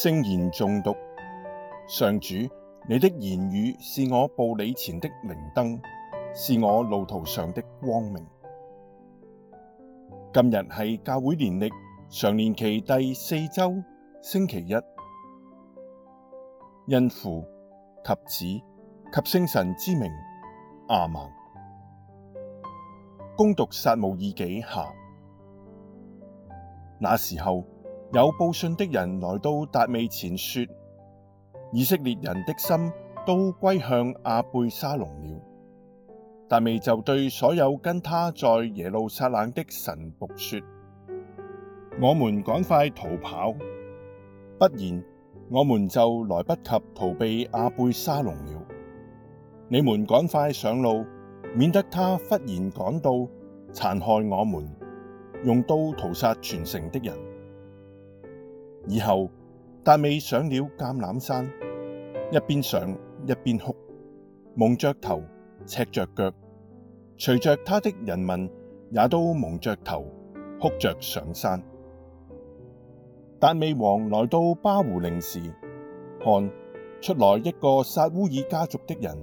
聖言誦讀，上主，你的言語是我步你前的明燈，是我路途上的光明。今日係教會年曆常年期第四周星期一，因父及子及聖神之名，阿門。恭讀《撒慕爾紀下》，那時候。有報信的人來到達味前說：以色列人的心都歸向阿貝沙隆了。達味就對所有跟他在耶路撒冷的臣僕說：我們趕快逃跑，不然我們就來不及逃避阿貝沙隆了。你們趕快上路，免得他忽然趕到殘害我們，用刀屠殺全城的人。以後，達味上了橄欖山，一邊上，一邊哭，蒙着頭，赤着腳。隨着他的人民也都蒙着頭，哭着上山。達味王來到巴胡陵時，看，出來一個撒烏耳家族的人，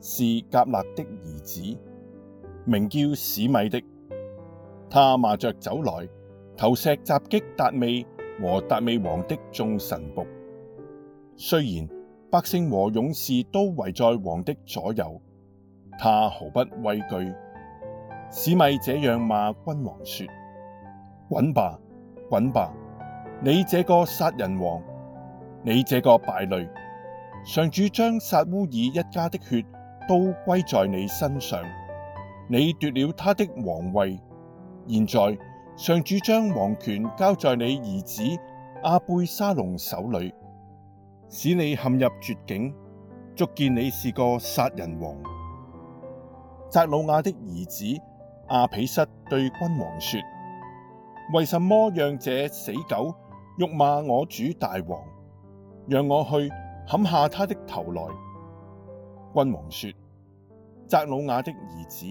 是革辣的兒子，名叫史米的。他罵着走來，投石襲擊達味。和達味王的眾臣僕，雖然百姓和勇士都圍在王的左右，他毫不畏懼。史米這樣罵君王說：滾吧，滾吧！你這個殺人王，你這個敗類，上主將撒烏耳一家的血都歸在你身上。你奪了他的王位，現在。上主將王權交在你兒子阿貝沙隆手裏，使你陷入絕境，足見你是個殺人王。責魯雅的兒子阿彼瑟對君王說：為什麼讓這死狗辱罵我主大王？讓我去砍下他的頭來。君王說：責魯雅的兒子，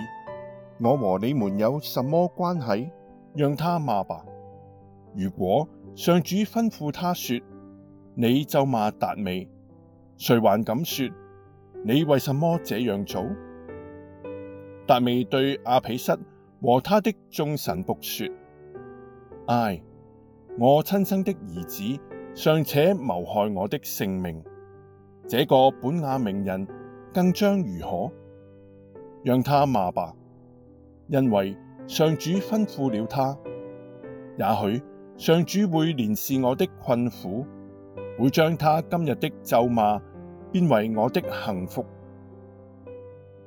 我和你們有什麼關係？讓他罵吧。如果上主吩咐他說，你就罵達味，誰還敢說，你為什麼這樣做？達味對阿彼瑟和他的眾臣僕說：唉、哎，我親生的兒子，尚且謀害我的性命，這個本雅明人更將如何？讓他罵吧，因為。上主吩咐了他，也許上主會憐視我的困苦，會將他今日的咒罵變為我的幸福，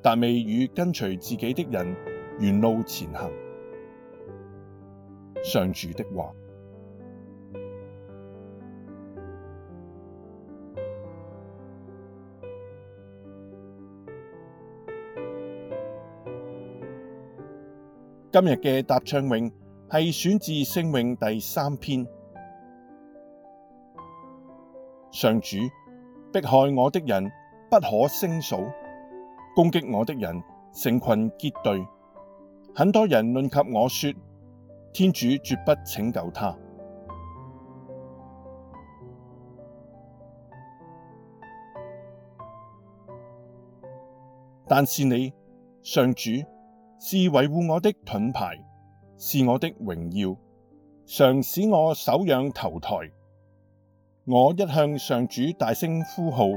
達味與跟隨自己的人沿路前行。上主的話。今日嘅答唱詠，係選自《聖詠》第三篇。上主，迫害我的人不可勝數，攻擊我的人成群結隊，很多人論及我說：天主絕不拯救他。但是你，上主。是圍護我的盾牌，是我的榮耀，常使我首昂頭抬。我一向上主大聲呼號，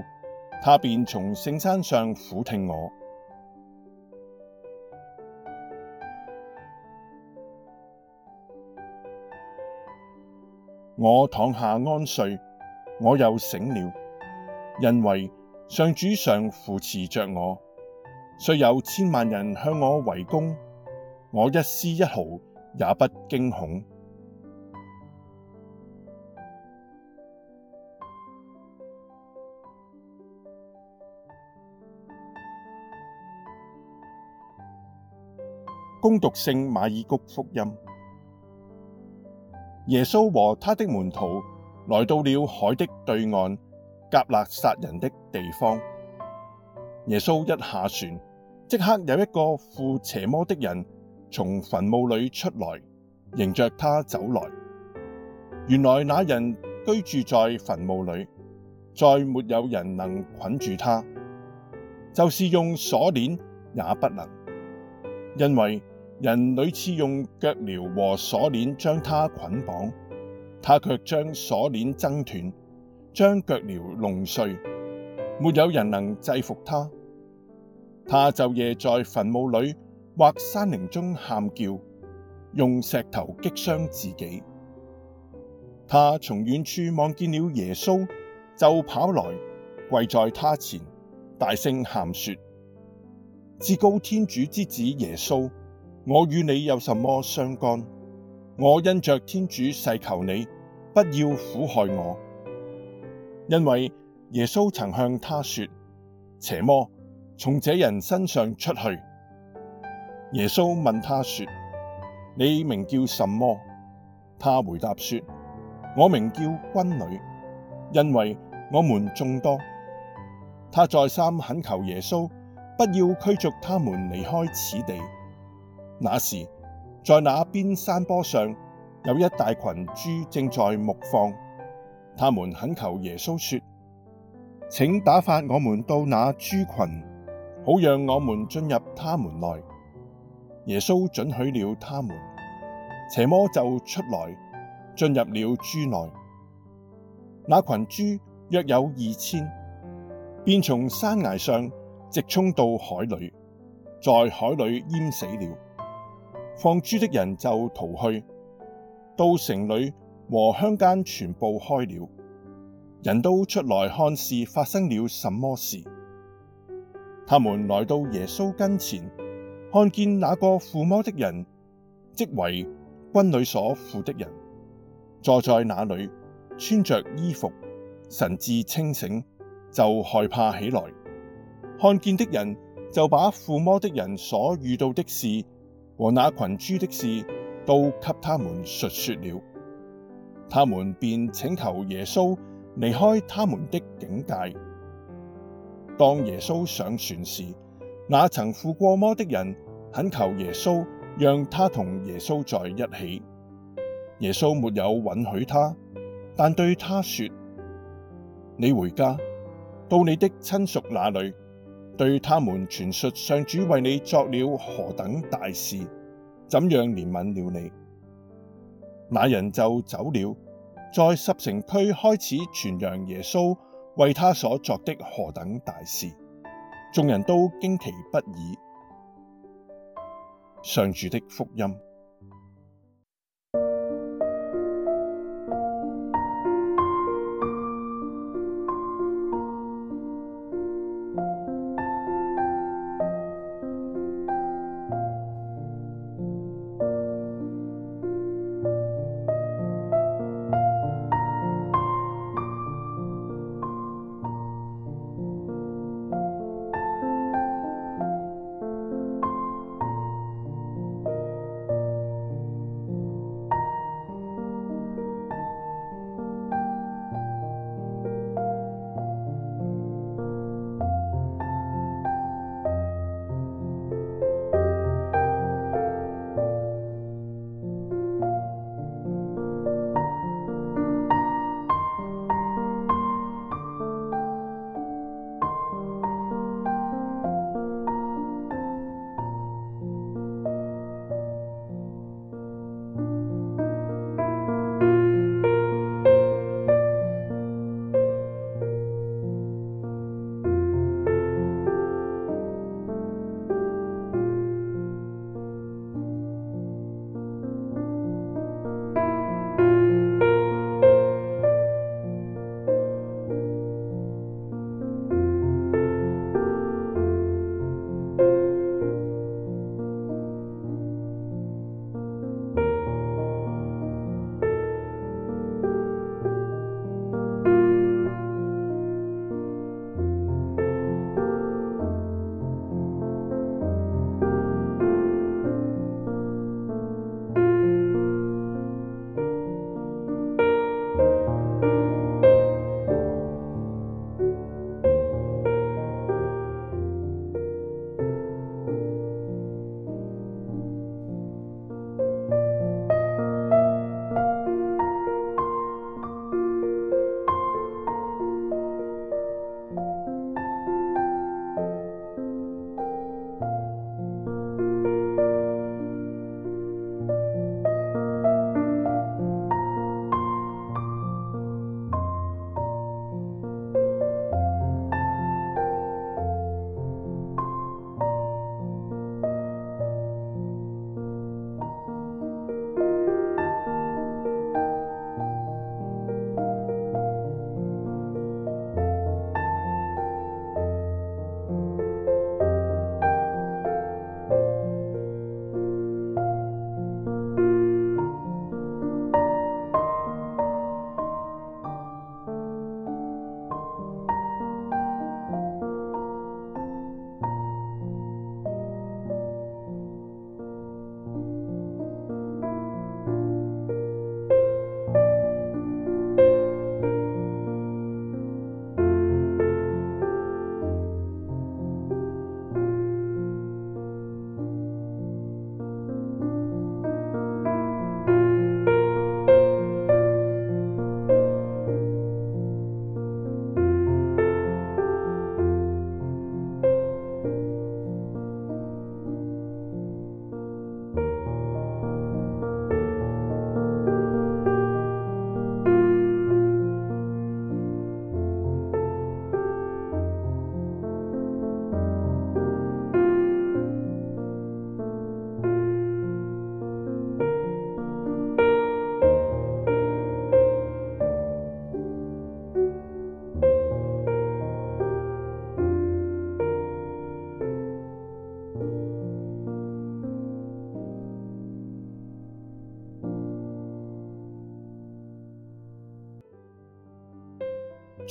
他便從聖山上俯聽我。我躺下安睡，我又醒了，因為上主常扶持着我。雖有千萬人向我圍攻，我一絲一毫也不驚恐。恭讀聖馬爾谷福音，耶穌和他的門徒來到了海的對岸，革辣撒人的地方。耶穌一下船。即刻有一個附邪魔的人，從墳墓裏出來，迎着他走來。原來那人居住在墳墓裏，再沒有人能捆住他，就是用鎖鏈也不能，因為人屢次用腳鐐和鎖鏈將他捆綁，他卻將鎖鏈掙斷，將腳鐐弄碎，沒有人能制服他。他晝夜在墳墓裏或山林中喊叫，用石頭擊傷自己。他從遠處望見了耶穌，就跑來，跪在他前，大聲喊說：至高天主之子耶穌，我與你有什麼相干？我因着天主誓求你，不要苦害我。因為耶穌曾向他說：邪魔。從這人身上出去。耶穌問他說：你名叫什麼？他回答說：我名叫軍旅，因為我們眾多。他再三懇求耶穌，不要驅逐他們離開此地。那時，在那邊山坡上，有一大群豬正在牧放，他們懇求耶穌說：請打發我們到那豬群。好讓我們進入他們內，耶穌准許了他們，邪魔就出來，進入了豬內。那群豬約有二千，便從山崖上直衝到海裏，在海裏淹死了。放豬的人就逃去，到城裏和鄉間傳報開了，人都出來看是發生了什麼事。他們來到耶穌跟前，看見那個附魔的人，即為軍旅所附的人，坐在那裏，穿着衣服，神志清醒，就害怕起來。看見的人就把附魔的人所遇到的事和那群豬的事都給他們述說了，他們便請求耶穌離開他們的境界。當耶穌上船時，那曾附過魔的人，懇求耶穌讓他同耶穌在一起。耶穌沒有允許他，但對他說：你回家，到你的親屬那裏，對他們傳述上主為你作了何等大事，怎樣憐憫了你。那人就走了，在十城區開始傳揚耶穌。為他所作的何等大事，眾人都驚奇不已。上主的福音。